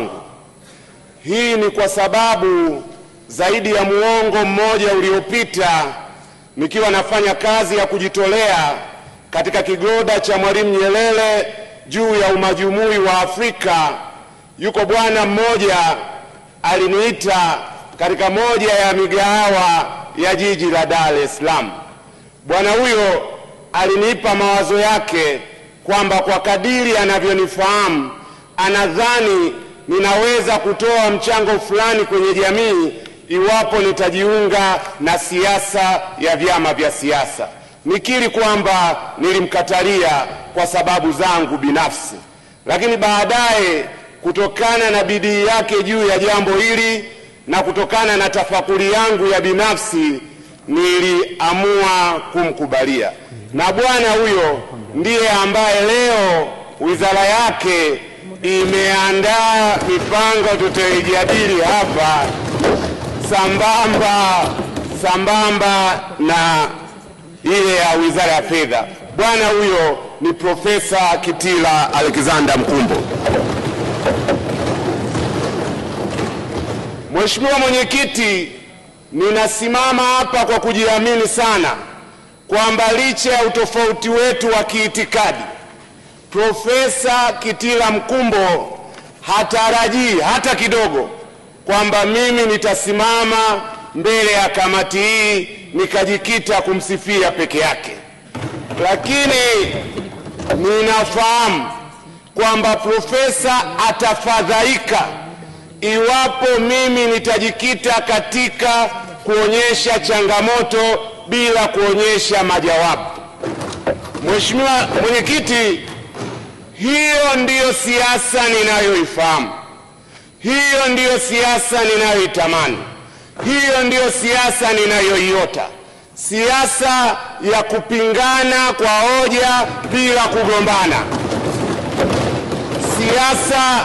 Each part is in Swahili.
wangu. Hii ni kwa sababu zaidi ya muongo mmoja uliopita nikiwa nafanya kazi ya kujitolea katika kigoda cha Mwalimu Nyerere juu ya umajumui wa Afrika, yuko bwana mmoja aliniita katika moja ya migahawa ya jiji la Dar es Salaam. Bwana huyo alinipa mawazo yake kwamba kwa kadiri anavyonifahamu anadhani ninaweza kutoa mchango fulani kwenye jamii iwapo nitajiunga na siasa ya vyama vya siasa. Nikiri kwamba nilimkatalia kwa sababu zangu binafsi, lakini baadaye kutokana na bidii yake juu ya jambo hili na kutokana na tafakuri yangu ya binafsi niliamua kumkubalia, na bwana huyo ndiye ambaye leo wizara yake imeandaa mipango tutaijadili hapa sambamba sambamba na ile ya Wizara ya Fedha. Bwana huyo ni Profesa Kitila Alexander Mkumbo. Mheshimiwa Mwenyekiti, ninasimama hapa kwa kujiamini sana kwamba licha ya utofauti wetu wa kiitikadi Profesa Kitila Mkumbo hatarajii hata kidogo kwamba mimi nitasimama mbele ya kamati hii nikajikita kumsifia peke yake, lakini ninafahamu kwamba profesa atafadhaika iwapo mimi nitajikita katika kuonyesha changamoto bila kuonyesha majawabu. Mheshimiwa Mwenyekiti, hiyo ndiyo siasa ninayoifahamu, hiyo ndiyo siasa ninayoitamani, hiyo ndiyo siasa ninayoiota, siasa ya kupingana kwa hoja bila kugombana, siasa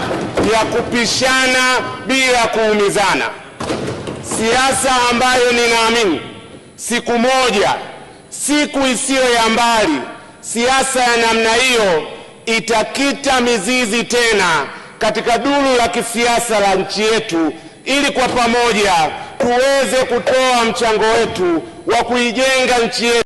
ya kupishana bila kuumizana, siasa ambayo ninaamini siku moja, siku isiyo ya mbali, siasa ya namna hiyo itakita mizizi tena katika duru la kisiasa la nchi yetu, ili kwa pamoja tuweze kutoa mchango wetu wa kuijenga nchi yetu.